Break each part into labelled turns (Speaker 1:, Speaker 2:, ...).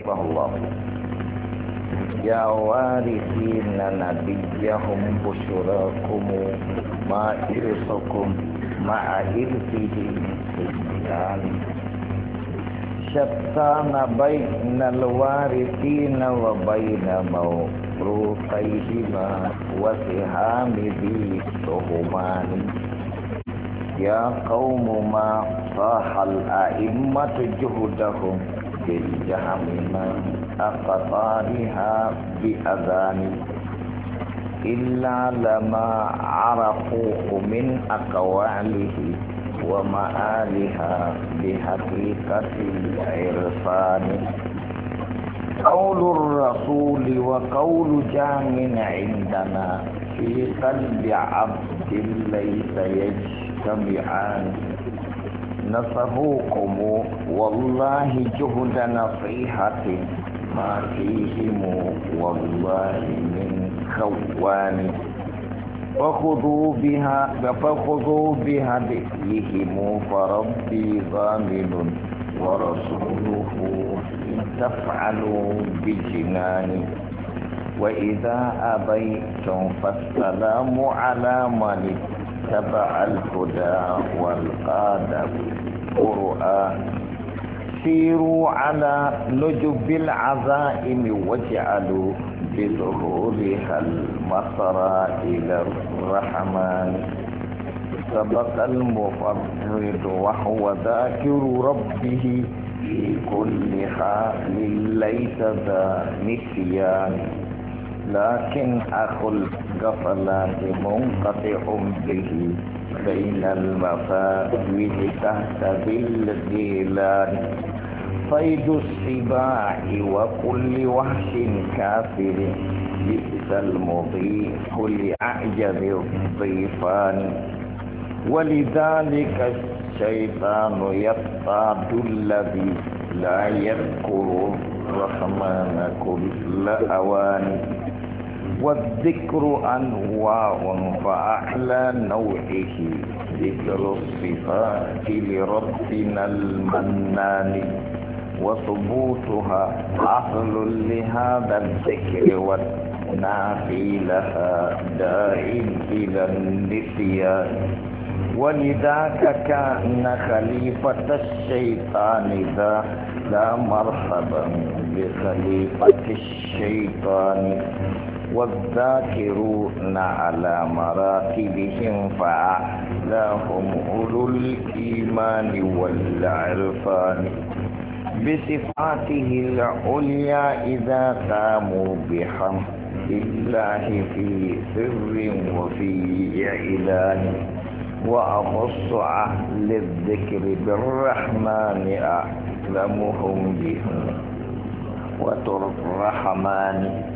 Speaker 1: رحمه الله يا وارثين نبيهم بشراكم ما إرثكم مع إرثهم سجدان شتان بين الوارثين وبين موروثيهما وسهام ذي سهمان يا قوم ما صاح الأئمة جهدهم بالجهم من أقطارها بأذان إلا لما عرفوه من أقواله ومآلها بحقيقة العرفان قول الرسول وقول جام عندنا في قلب عبد ليس يجتمعان نصروكم والله جهد نصيحة ما فيهم والله من خوان فخذوا بها فخذوا بهديهم فربي ضامن ورسوله إن تفعلوا بجناني وإذا أبيتم فالسلام على من اتبع الهدى والقادة قرآ سيروا على نجب العزائم واجعلوا بظهورها المصر إلى الرحمن سبق المفرد وهو ذاكر ربه في كل حال ليس ذا نسيان لكن أخو كصلاة منقطع به بين المفاوز تحت بالجيلان صيد السباع وكل وحش كافر بئس المضيق لأعجب الضيفان ولذلك الشيطان يصطاد الذي لا يذكر الرحمن كل أوان والذكر أنواع فأحلى نوعه ذكر الصفات لربنا المنان وثبوتها أصل لهذا الذكر والنافي لها داعي إلى النسيان ولذاك كان خليفة الشيطان ذا لا مرحبا بخليفة الشيطان والذاكرون على مراتبهم فأعلاهم أولو الإيمان والعرفان بصفاته العليا إذا قاموا بحمد الله في سر وفي إعلان وأخص أهل الذكر بالرحمن أعلمهم بهم وترك الرحمن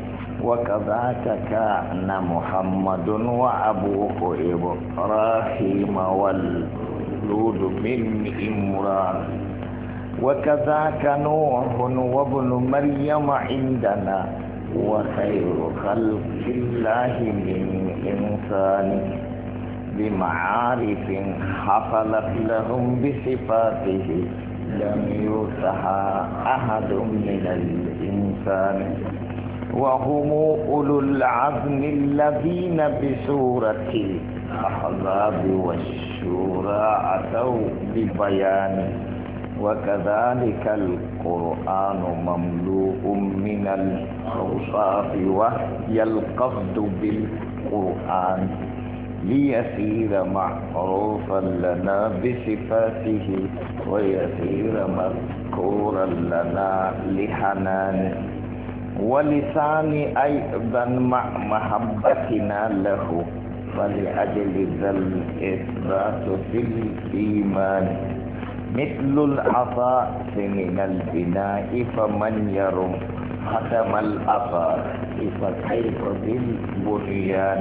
Speaker 1: وكذاك كان محمد وأبوه إبراهيم والولود من إمران وكذاك نوح وابن مريم عندنا وخير خلق الله من إنسان بمعارف حصلت لهم بصفاته لم يوصها أحد من الإنسان وهم أولو العزم الذين بسورة الأحزاب والشورى أتوا ببيان وكذلك القرآن مملوء من الأوصاف وهي القصد بالقرآن ليسير معروفا لنا بصفاته ويسير مذكورا لنا لحنانه ولساني أيضا مع محبتنا له فلأجل ذا الإثبات في الإيمان مثل العطاء من البناء فمن يرم ختم الأثار فكيف بالبنيان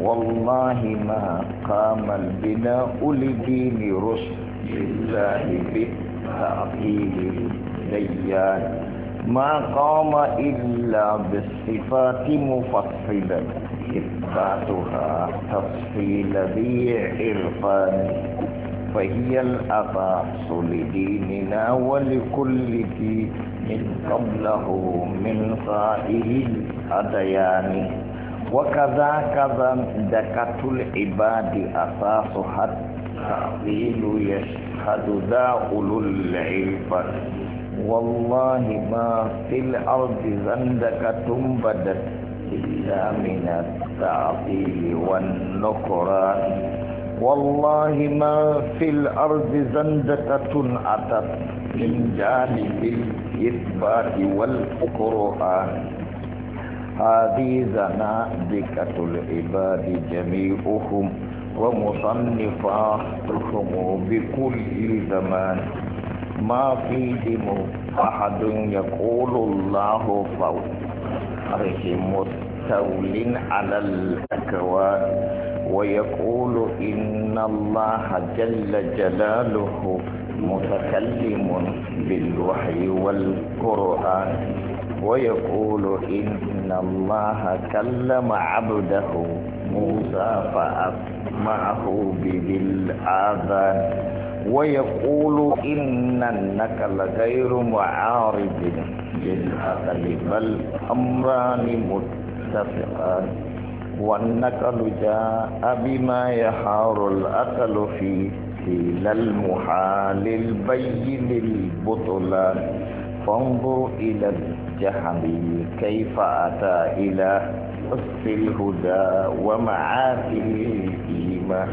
Speaker 1: والله ما قام البناء لدين رشد لله بالتعطيل الديان ما قام إلا بالصفات مفصلا إثباتها تفصيل ذي عرفان فهي الأساس لديننا ولكل من قبله من سائر الأديان وكذا كذا دكة العباد أساسها التعطيل يشهد ذا أولو العلم والله ما في الأرض زندك تنبدت إلا من التعطيل والنكران والله ما في الأرض زندكة أتت من جانب الإثبات والقرآن هذه زنادقة العباد جميعهم ومصنفاتهم بكل زمان ما فيهم أحد يقول الله فوق عليه مستول على الأكوان ويقول إن الله جل جلاله متكلم بالوحي والقرآن ويقول إن الله كلم عبده موسى فأسمعه بذي الآذان ويقول إن النقل غير معارض للعقل بل أمران متفقان والنقل جاء بما يحار الأقل فيه إلى المحال البين البطلان فانظر إلى الجحم كيف أتى إلى حس الهدى ومعافي الإيمان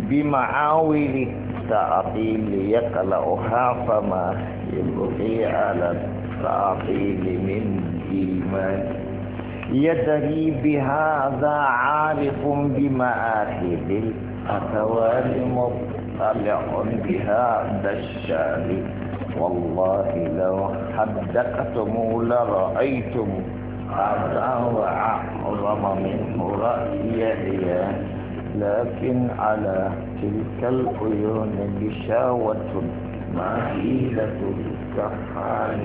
Speaker 1: بمعاول التعطيل يقلعها فما يبقي على التعطيل من إيمان يدري بهذا عارف بمآخذ الأقوال مطلع بها دشان والله لو حدقتم لرأيتم هذا وأعظم منه رأي الياس لكن على تلك العيون غشاوة ما حيلة الكحال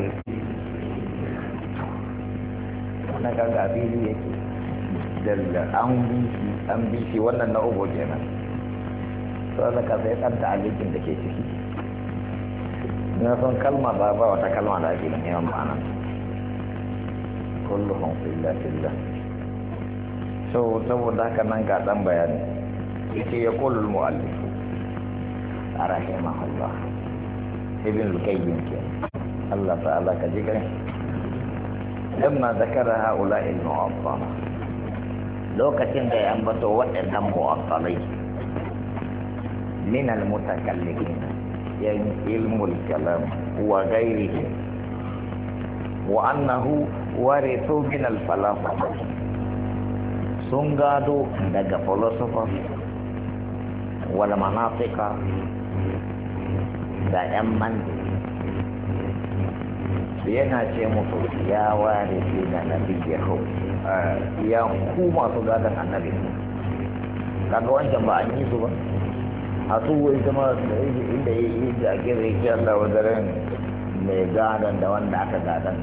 Speaker 1: na kaga abili yake dalla أمبيسي bishi an bishi wannan na ugo kenan sai da kaza ya tsanta alikin da ke ciki na son kalma ba wata kalma da ake illa so saboda haka nan ga dan bayani لكي يقول المؤلف رحمه الله ابن القيم الله تعالى كذكره لما ذكر هؤلاء المعطلة لو كتن دي أنبتوا وإنهم معطلين من المتكلمين يعني علم الكلام وغيره وأنه ورثوا من الفلاسفة سنغادو دقى فلسفة wal manatiqa da yan mandi yana ce musu ya ware fi na nabi ya hau ya ku masu gadon annabi kaga wancan ba an yi su ba a su wai zama inda ya yi da ake zai kiyar da wadaren mai gadon da wanda aka gadon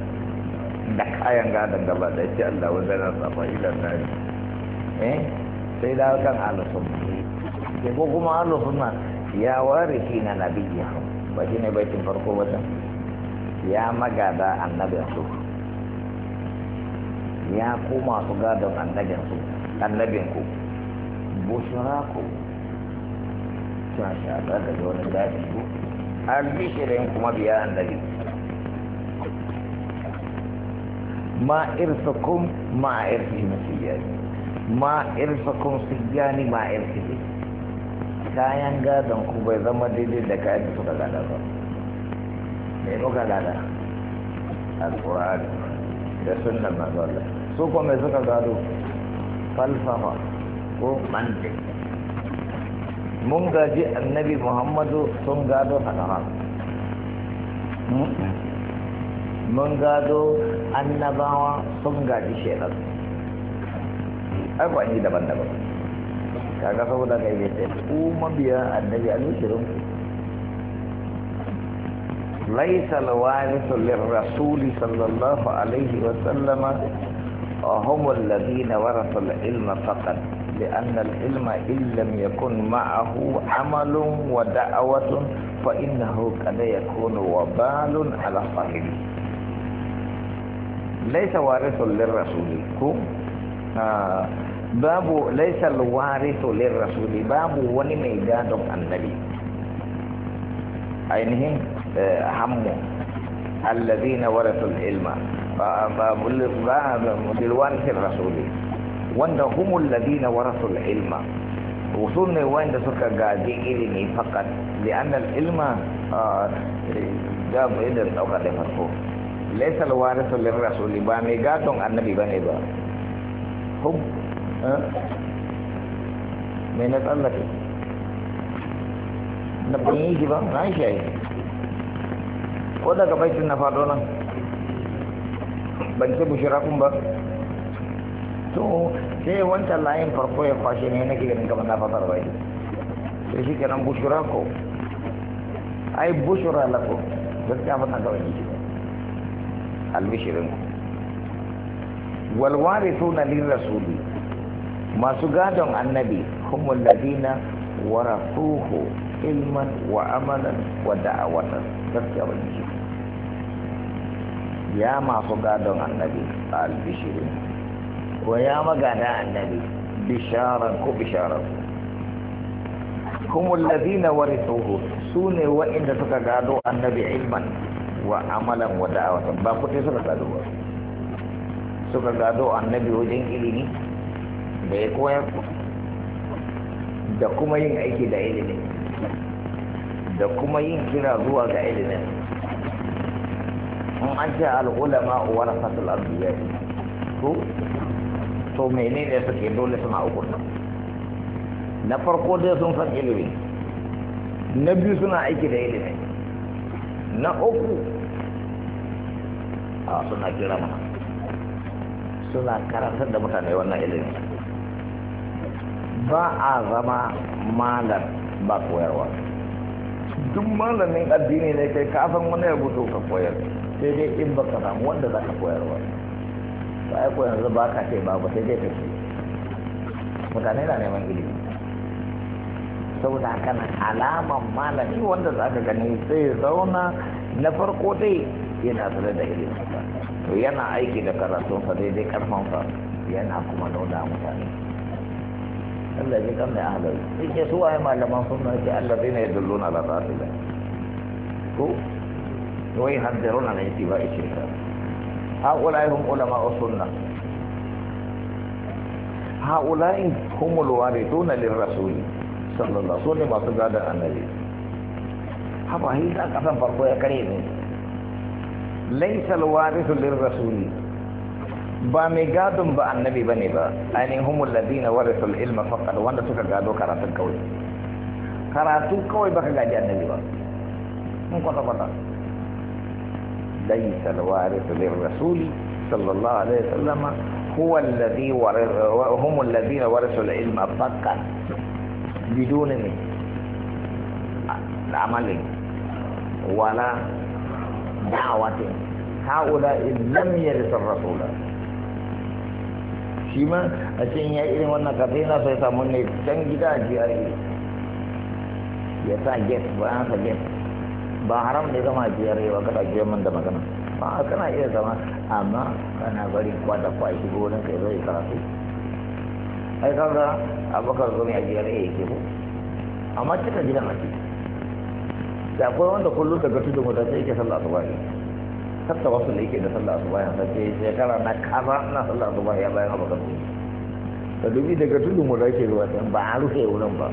Speaker 1: da kayan gadon gaba da ce Allah wadaren safa ilan nari eh sai da kan alisun ke ko kuma Allah suna ya ware shi na nabiyya ba shi ne baitin farko wata ya magada annabinsu ya koma masu gadon annabinsu annabinku bushiraku sha shaɗa da wani daɗi ku albishirin kuma biya annabi ma irsakum ma irfi masiyani ma irsakum siyani ma irfi kayan gadon ku bai zama daidai da kayan da suka gada ba me muka gada alkur'ani da sunnar mazalla su kuma mai suka gado falsafa ko mande? mun gaji annabi muhammadu sun gado hadara hmm? mun gado annabawa sun gaji shekaru akwai daban-daban kaga saboda ga ku mabiya annabi ليس الوارث للرسول صلى الله عليه وسلم هم الذين ورثوا العلم فقط لأن العلم إن لم يكن معه عمل ودعوة فإنه قد يكون وبال على صاحبه ليس وارث للرسول كم آه babu laisa alwarithu lirrasuli babu wani mai gadon annabi ainihin hammu alladhina warathul ilma babu lirwarithi rasuli wanda humul ladina warathul ilma وصول وين ده سكر قاعدين إلمي فقط لأن العلم جاب إلى الأوقات المرفوع ليس الوارث للرسول بامي قاتل النبي بني با هم mai eh. na tsallake na ban yi shi ba na shi yi ko daga baitin na fado nan ban ce bushira kun ba to sai wancan layin farko ya kwashe ne na ganin kamar na fasar bai sai shi kenan bushira ko ai bushira lako da ta na ga yi shi albishirin walware suna lirasuli masu gadon annabi humul ladina warasuhu ilman wa amalan wa da'awatan gaskiya ban ji ya masu gadon annabi a albishirin wa ya magada annabi bisharan ko bisharan humul ladina warasuhu sune wa'inda suka gado annabi ilman wa amalan wa da'awatan ba kuɗi suka gado ba suka gado annabi wajen ilimi da ya koyar da kuma yin aiki da ilimin da kuma yin kira zuwa ga ilimin in an ce al'ulama wani fasil abubuwa to to menene suke dole suna hukunta na farko dai sun san ilimi na biyu suna aiki da ilimi na uku a suna kira mana suna karantar da mutane wannan ilimin ba a zama malar ba koyarwa duk malamin addini ne kai kafin wani ya gudu ka koyar sai dai in ba ka samu wanda za ka koyarwa ba ya koyar yanzu ba ka ce ba ba sai dai ka ce mutane na neman ilimi saboda haka na alaman malami wanda za ka gani sai zauna na farko dai yana tsare da ilimin to yana aiki da dai daidai karfansa yana kuma nuna mutane الذي لم يعلم ايش هو ما لم نصنع الذين يدلون على ذات الله كو ويحذرون عن اتباع الشرك هؤلاء هم علماء السنة هؤلاء هم الوارثون للرسول صلى الله عليه وسلم وصداد النبي هذا هي تاكسا فرقوية كريمة ليس الوارث للرسول بامیگادم با النبی بنی با اینی هم الذین ورثوا العلم فقط وانده تو کگادو کراتن کوئی کراتن کوئی با کگادی النبی با من کتا بتا ليس الوارث للرسول صلى الله عليه وسلم هو الذي هم الذين ورثوا العلم فقط بدون عمل ولا دعوة هؤلاء لم يرث الرسول shi ma a cikin ya irin wannan kafe na sai samu ne can gida a GRA ya sa get an sa get ba haram ne zama a GRA ba kada ke man da magana ba a kana iya zama amma kana bari kwata kwa shi wurin kai zai karatu ai kaga abokan zo ne a GRA yake ko amma cika gidan ciki da akwai wanda kullum daga tudun wata sai yake sallah asuba ne hatta wasu da yake da sallah asuba ya sace shekara na kaza na sallah asuba ya bayan abu kasu ta dubi daga tudu mu ke ruwa can ba a rufe wurin ba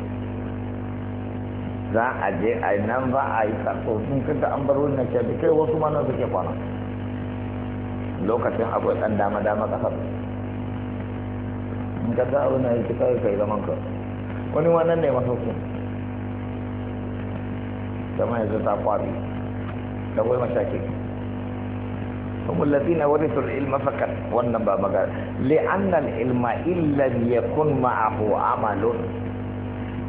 Speaker 1: za a je a nan ba a yi karɓo sun kanta an bar wannan ke da kai wasu ma nan suke kwana lokacin akwai ɗan dama dama ƙasar in ka sa na yi kika kai zaman ka wani wannan ne masaukin zama yanzu ta kwari da kwai mashaki هم الذين ورثوا العلم فقط والنبى مقال لأن العلم إن لم يكن معه عمل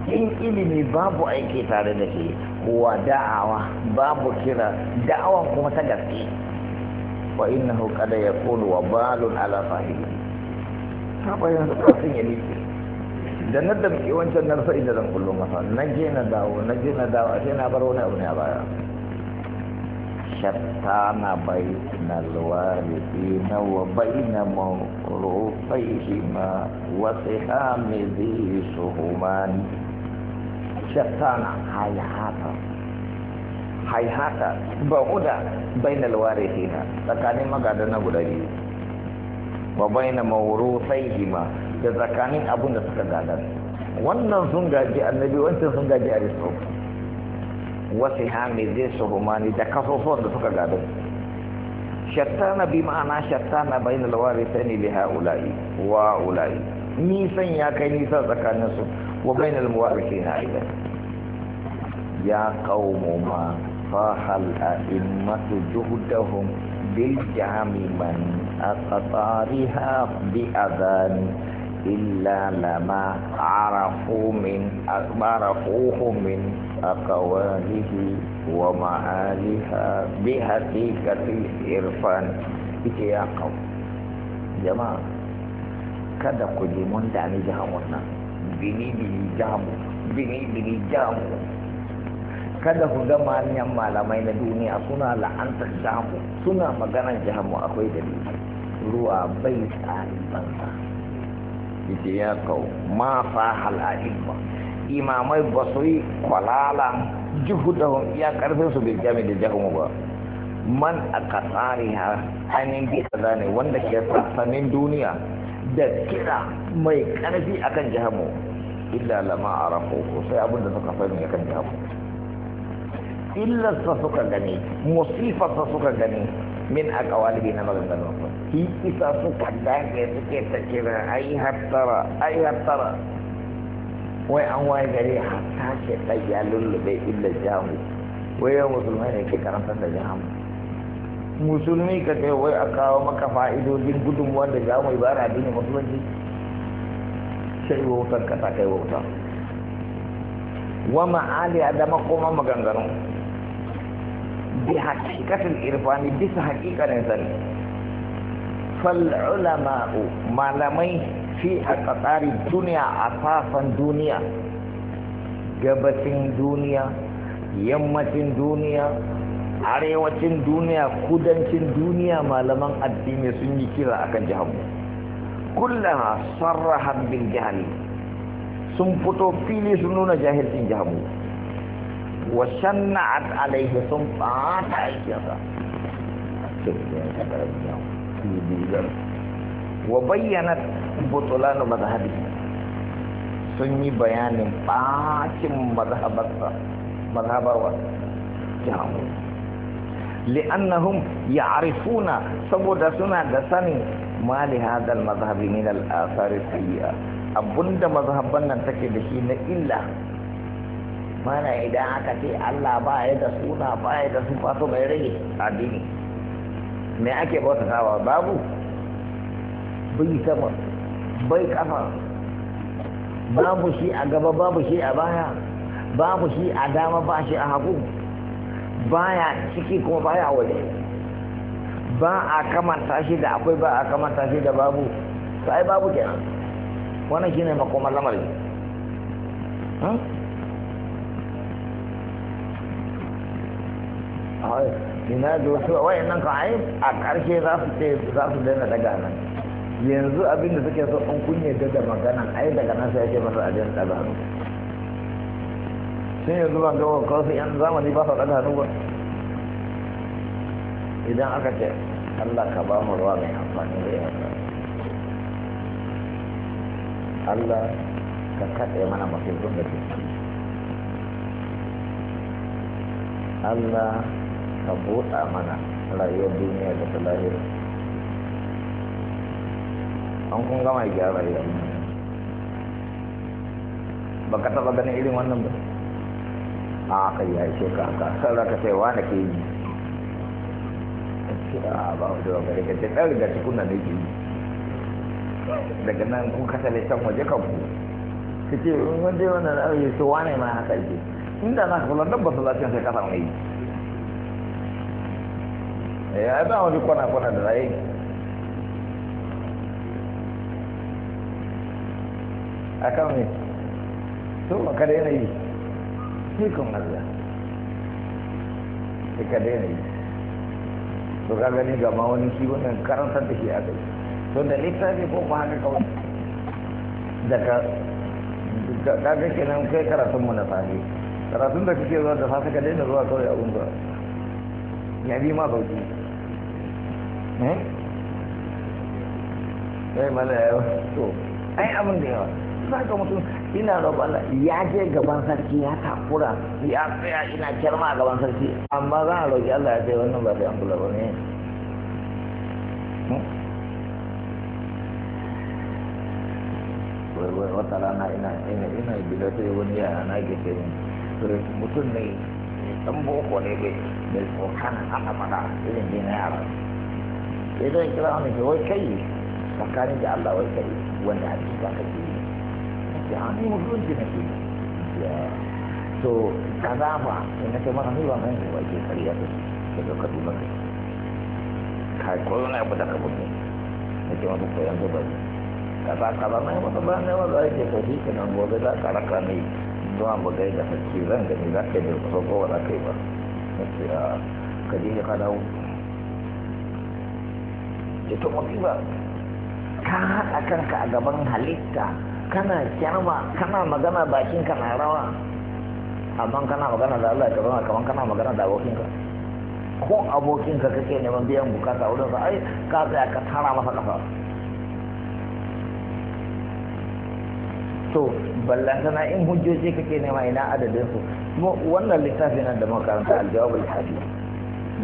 Speaker 1: إن إلمي باب Wa كتاب هو دعوة باب كرا دعوة كما تقفي وإنه قد يكون وبال على صاحبه هذا ينصر da na damke wancan narsa idan kullum masa na je na dawo na je na dawo a sai na bar wani abu ne a baya Shattana bai na lawale dina, wa bai na mahoro, sai hima, wasu amizi shugabanni. Shattana haihata, haihata. Ba'oda bai na lawale dina, tsakanin magadanar guda Wa bai na mahoro, sai da tsakanin abunda suka gadar. Wannan zungaje a nabi, wannan zungaje a diso. wasu hami zai su rumani da kafofon da suka gado shattana bi ma'ana shattana bai na lawari ta ne liha ula'i wa ula'i nisan ya kai nisa tsakaninsu wa bai na lamuwarki na aida ya kawo ma fahal a immatu juhudahum bil jami man a tsatsariha bi azani إلا لما عرفوا من عرفوه من wa ma'aliha bihati kati irfan ita ya kau, jama'a kada ku je mun ni jihamun nan bini bini jamu bini bini jamu kada ku ga manyan malamai na duniya suna la'antar jamu suna maganar mu akwai da ni ruwa bai tsari banza ita ya kau, ma fa halalin ba imamai ba su yi kwalala hun iya karfin su bai jami da jahumu ba man a kasari ha hannun bi zane wanda ke sassanin duniya da kira mai karfi akan jahamu illa lama a ko sai abinda suka sani akan illa sa suka gani sa suka gani min a kawalibi na maganganu shi isa suka dage suke ta kira ai hattara ai hattara wai an waye gari sake ke ɗaya lullube illa jamu wai yau musulmai ne ke karantar da jamu musulmi ka ce wai a kawo maka fa'idodin gudun wanda jamu ba na dini musulunci sai wautar kasa kai wauta wa ma'ali a dama koma maganganu bi hakikatin irfani bisa hakikanin sani fal'ulama'u malamai fi haƙaƙari dunia apa safan dunia, gabashin dunia, yematin dunia, arewacin dunia, kudancin dunia, malamang addini sun yi kira akan jihanmu kullaha sarrahan bin jahali sun fito fili sun nuna jahilcin jihanmu wa shanna'at alaihi sun fata aikinsa wa bayyana butulanu mazhabi sun yi bayanin bakin mazhabarsa mazhabarwa jamu li'annahum ya'rifuna saboda suna da sanin ma li hadal mazhabi min al-athari sayyi'a abunda mazhaban nan take da shi na illa mana idan aka ce Allah ba ya da suna ba ya da sufa to bai rage addini me ake bautatawa babu bai sama bai kafa babu shi a gaba babu shi a baya babu shi a dama ba shi a hagu baya ciki kuma baya waje ba a kamanta shi da akwai ba a kamanta shi da babu sai babu kenan wannan shine makomar lamarin ina da wasu wayannan ka ai a ƙarshe za su ce za su daina daga nan yanzu abinda suke so in kunye da magana ai daga nan sai ake masa ajiyar ɗaga hannu sun yanzu ban gaba kawai yan zamani ba su ɗaga hannu ba idan aka ce Allah ka ba mu ruwa mai amfani da yawa Allah ka kaɗe mana mafizun da ke Allah ka buɗa mana rayuwar duniya da ta an kun gama gyara ya ba ka taba ganin irin wannan ba a kai ya ce ka ka za ka sai na ke yi a ba da ba da ce ɗan da cikin nan ke yi daga nan kun kasa can waje kan ku ka ce wanda yawan nan aure su ne ma haka ke inda na kula dan ba su lafiya sai kasa mai ya ba wani kwana kwana da zai a kan mai to ka daina yi ikon Allah sai ka daina yi to ka gani ma wani shi wannan karantar da shi a kai to da littafi ko ba haka kawai daga kaga kenan kai karatun mu na safe karatun da kake zuwa da safe ka daina zuwa kawai a gunga ya bi ma bauti. eh sai eh, mala yawa eh, eh, to ai abin da yawa za mutum ina roƙon ya je gaban sarki ya takura ya tsaya ina kirma a gaban sarki amma za a roƙi Allah ya ce wannan ba da an kula ba ne wata rana ina ina ina ta yi wani yara na ke ce mutum ne dan boko ne bai bai tsokan ana mana irin ne na yara sai zai kira wani ke wai kai tsakanin da Allah wai kai wanda hakika kake yi ya ni musulunci a haɗa kanka a gaban halitta kana kyama kana magana bakin ka na rawa amma kana magana da Allah ka zama kamar kana magana da abokinka ko abokinka kake neman biyan bukata wurin sa ai ka tsaya ka tara masa kafa to ballantana in hujjoji kake nema ina adadin su wannan littafi na da makaranta aljawab alhaji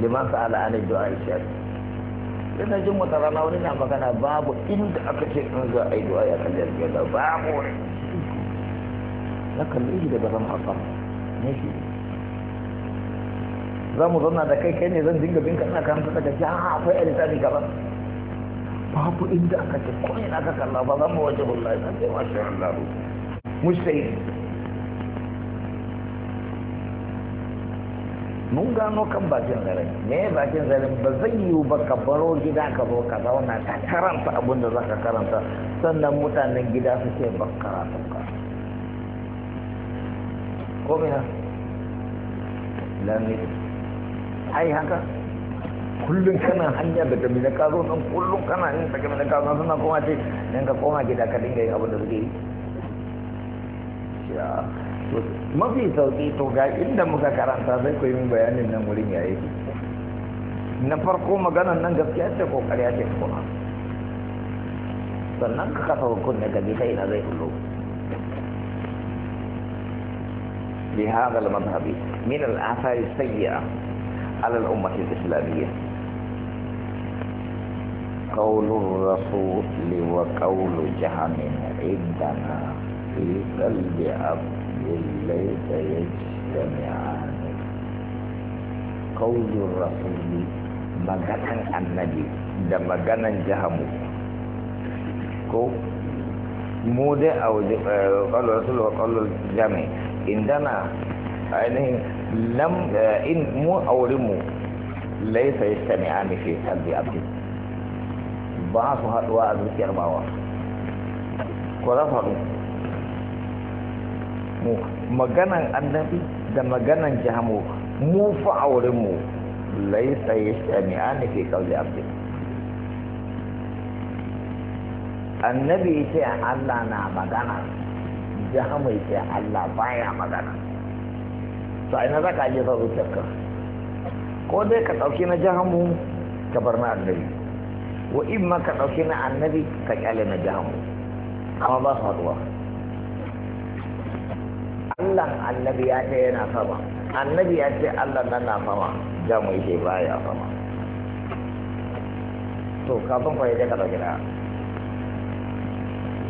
Speaker 1: liman sa'ala an du'a shafi ina jin wata rana wani na magana babu inda aka ce in za a yi du'a ya kalli alƙibla babu wani na kalli shi daga zama haka ne shi za mu zauna da kai kai ne zan dinga bin kana kan ta daga ja akwai a lissafi gaba babu inda aka ce ko ina ka kalla ba za mu waje ce sai masha laru, mushe mun gano kan bakin zaren me bakin zaren ba zai yiwu ba ka baro gida ka zo ka zauna ka karanta abin da za ka karanta sannan mutanen gida suke ce ba karatun ka ko mina lami ai haka kullum kana hanya daga mina ka zo nan kullum kana yin daga mina ka zo suna koma ce nan ka koma gida ka dinga yin abin da suke yi ما في توقيت وقع إلا مذكرة تازي كوي من بيان إلا مولين يا إيدي نفرقو مغانا ننجف كياتي كو قرياتي سننك خطو كنا كديتي نزي كلو بهذا المذهب من الآثار السيئة على الأمة الإسلامية قول الرسول وقول جهنم عندنا في قلب عبد ليس يجتمعان قول الرسول maganan annabi da maganan jahamu ko mu dai a waje ƙwallo rasul wa mu a wurinmu laisa ya sami a nufi kalbi abdi ba su haɗuwa a zuciyar bawa mu maganan annabi da maganan jahamu mu fa auren mu laisa yashami'ani ke qawli abdi annabi ya ce Allah na magana ya ce Allah baya magana to ina zaka je ka zuciyarka ko dai ka ɗauki na jahamu ka bar na annabi wa ma ka ɗauki na annabi ka kyale na jahamu amma ba su haɗuwa الله النبي يأتي هنا فما النبي يأتي الله لنا فما جامع يجيبا يا فما تو كابون كوي ده كلا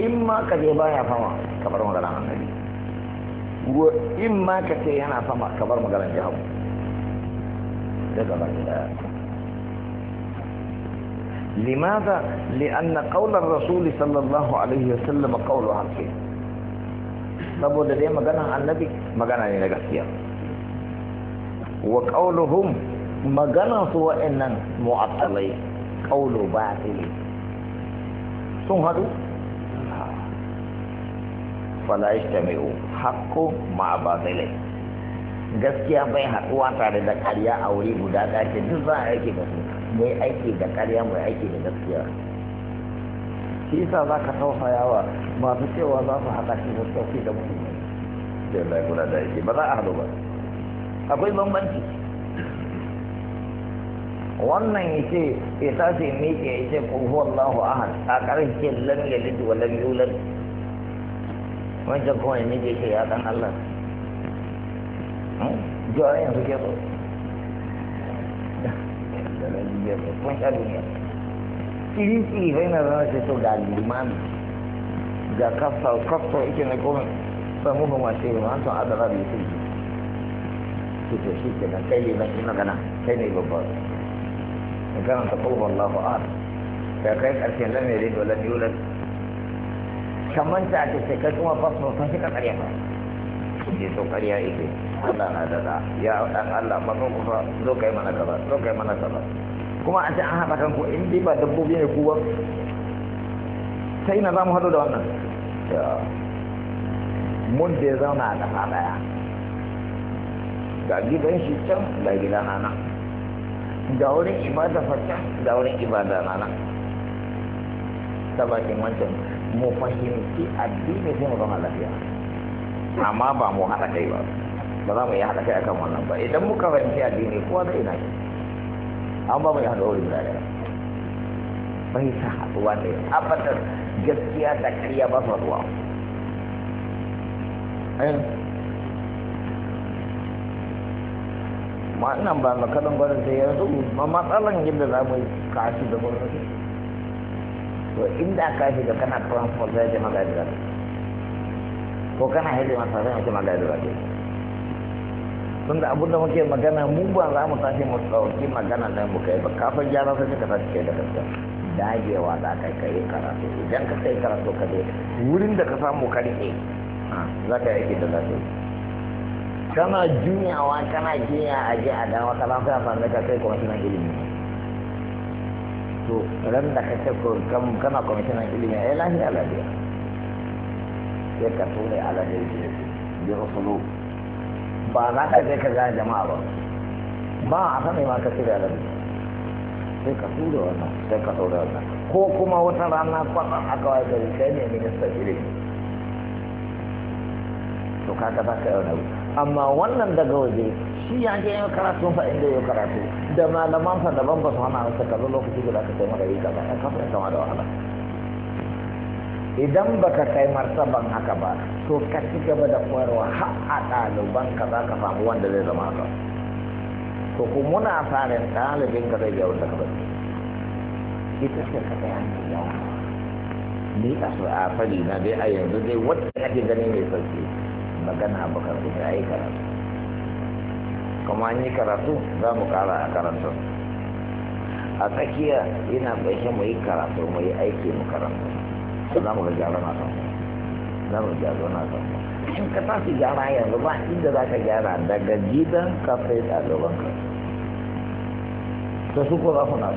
Speaker 1: إما كجيبا يا فما كبر مغلا النبي و إما كتي هنا فما كبر مغلا جهم ده كلا لماذا؟ لأن قول الرسول صلى الله عليه وسلم قوله حقيقي saboda dai maganan annabi magana ne na gaskiya wa qauluhum maganan su wa'annan mu'attalai qaulu batili sun hadu fala istami'u haqqu ma batili gaskiya bai haɗuwa tare da ƙarya a wuri guda ɗaya duk za a aiki da su mai aiki da ƙarya mai aiki da gaskiya shi isa za ka tausayawa masu cewa za su haɗa shi da sauki da mutum da ya kuna da yake ba za a haɗu ba akwai bambanci wannan ya ce ya tashi miƙe ya ce ƙuhu Allahu ahad a ƙarshe lam yalid wa lam yulad wancan kuma ya miƙe ya ya ɗan Allah jiwa hmm? yanzu ke so kun sha duniya tsiri-tsiri fa yana zama shi to ga limani ga kafa kafa yake na kuma samu ba ma shi ma to adara ne shi shi to shi ke nan kai ne na shi magana kai ne babba in karanta kulhu Allahu ahad ka kai karshen lamai ne dole ne yulad kamar ta ake sai kai kuma fasfo sun shi ka karya ba je to karya yake Allah na da ya dan Allah ba zo kai mana gaba zo kai mana gaba kuma a ce an haɗa kanku in dai ba dabbobi ne kuwa? Sai ta ina za mu haɗu da wannan mun da ya zauna a ƙasa ɗaya ga gidan shi can ga gida na nan ga wurin ibada fa can ga wurin ibada na nan ta bakin wancan mu fahimci addini sai mu zama lafiya amma ba mu haɗa kai ba ba za mu iya haɗa kai akan wannan ba idan muka fahimci addini kowa zai na shi amma bai haɗa wurin da bai sa haɗuwa da ya abatar gaskiya da ba su haɗuwa eh. ma ina ba makalan gwanin sai yanzu ma matsalan yadda za mu kashi da gwamnati to inda aka shi da kana transfer zai ce magajira ko kana hidima sa zai tunda abin da muke magana mu ba za mu tashi mu ɗauki magana da mu kai ba kafin gyara sai ka tashi kai da kanka dagewa za ka kai karatu idan ka kai karatu ka je wurin da ka samu ka riƙe ah, za ka yi da za ka yi kana juyawa kana jiya a je a kana sai a ba ka kai kwamishinan ilimi to ran da ka ce kana kwamishinan ilimi ya lahiya lafiya sai ka tura aladai ya rasulu ba za ka je ka gane jama'a ba ba a sami ma ka shirya da sai ka tura wannan sai ka tura wannan ko kuma wata rana kwatsam aka waye gari kai ne ministan ilimi to ka za ka yau amma wannan daga waje shi ya je yau karatu fa inda yau karatu da malaman fa daban ba su hana su kaza lokaci da za ka sai mara yi kaza ka fara kama da wahala idan baka kai martaban haka ba to ka ci gaba da koyarwa har a ɗaliban ka za ka samu wanda zai zama haka to ku muna farin ɗalibin ka zai yawon da ka bari ita ce ka tsaya ne yawon ni a su na dai a yanzu dai ya ake gani mai sauki magana baka zuwa ya yi karatu kuma an yi karatu za mu kara a karanta. a tsakiya yana ƙarshe mu yi karatu mu yi aiki mu karanta to za mu ga gyara na kan za mu gyara na kan in ka tafi gyara yanzu ba inda za ka gyara daga gidan ka sai gaban ka to su ko za su na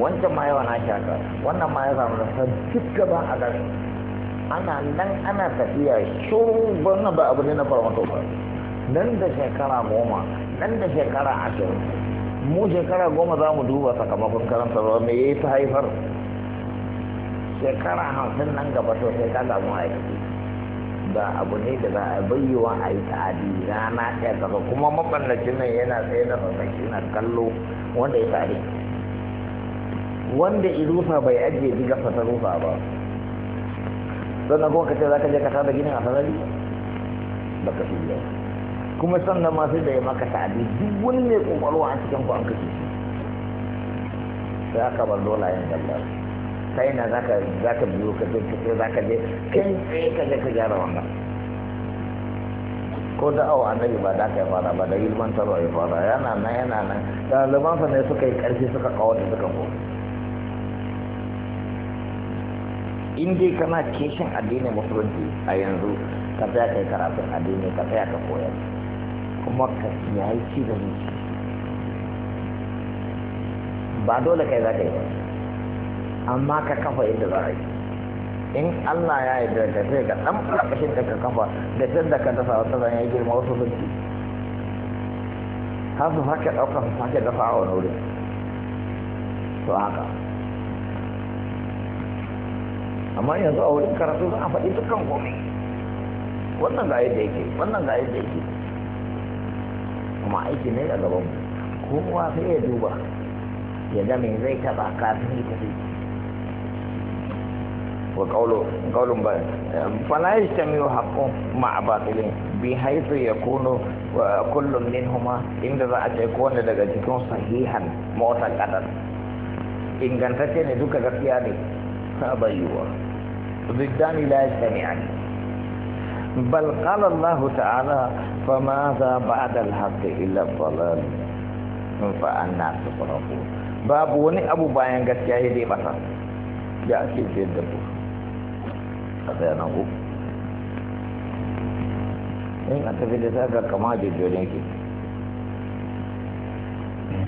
Speaker 1: wancan ma yawa na shaka wannan ma ya samu da san duka ba a gari ana nan ana tafiya shuru ban ba abu ne na farmato ba nan da shekara goma nan da shekara ashirin mu shekara goma za mu duba sakamakon karanta ruwa me ya yi ta haifar shekara hamsin nan gaba to sai ka samu aiki ba abu ne da za a bayyawa a yi ta'adi rana ɗaya gaba kuma maballacin nan yana tsaye da fasashi na kallo wanda ya tare wanda irufa bai ajiye diga fasa rufa ba sannan kuma kace za ka je ka tada ginin a sarari ba ka fiye kuma sannan masu da ya maka ta'adi duk wani mai kokarwa a cikin ku an kashe shi sai aka bar yin dallar ta za ka biyo ka je kace za ka je kai ka je ka gyara wannan ko da awa annabi ba da ka fara ba da taro ya fara yana nan yana nan ɗalibansa ne suka yi karfi suka kawo da suka ko in dai kana keshin addinin musulunci a yanzu ka tsaya kai karatun addini ka tsaya ka koyar kuma ka yi ci da ba dole kai za ka yi ba amma ka kafa inda za a yi in Allah ya yi da sai ga dan karkashin ka kafa da sai da ka dafa wata zan ya girma wasu sun ci har su sake ɗauka su sake dafa a wani wuri to haka amma yanzu a wurin karatu za a faɗi dukkan komai wannan ga yadda yake wannan ga yadda yake kuma aiki ne a gaban kowa sai ya duba ya ga me zai taɓa kafin ya tafi وقول قول فلا يجتمع حق مع باطل بحيث يكون كل منهما إن ذا يكون لدى جكون صحيحا معتقدا إن كانت تنزك غفياني فأبيوا ضدان لا يجتمعان بل قال الله تعالى فماذا بعد الحق إلا الضلال فأنا تصرفون باب وني أبو باين قد يهدي بطل يأتي في الدبور a tsaya hu in a tafi da sa ga kama jirgin ke